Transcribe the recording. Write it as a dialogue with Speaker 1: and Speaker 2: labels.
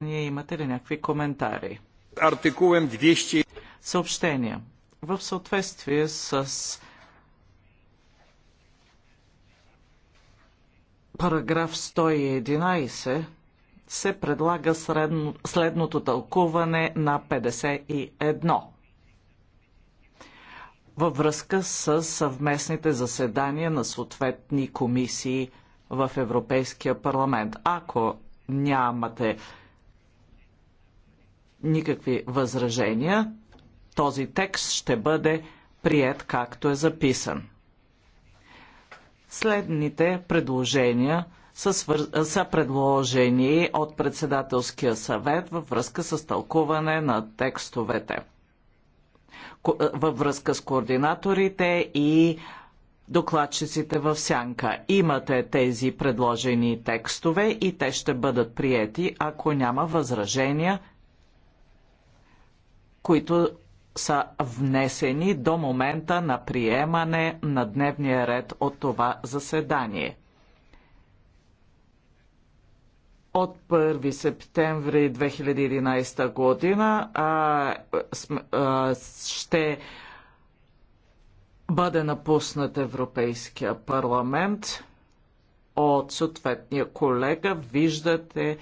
Speaker 1: Ние имате ли някакви коментари? Артикулен 200. Съобщения. В съответствие с параграф 111 се предлага средно, следното тълкуване на 51 във връзка с съвместните заседания на съответни комисии в Европейския парламент. Ако нямате никакви възражения, този текст ще бъде прият както е записан. Следните предложения са, свър... са предложени от председателския съвет във връзка с тълкуване на текстовете. Ко... Е, във връзка с координаторите и докладчиците в сянка. Имате тези предложени текстове и те ще бъдат приети, ако няма възражения които са внесени до момента на приемане на дневния ред от това заседание. От 1 септември 2011 година а, а, ще бъде напуснат Европейския парламент от съответния колега. Виждате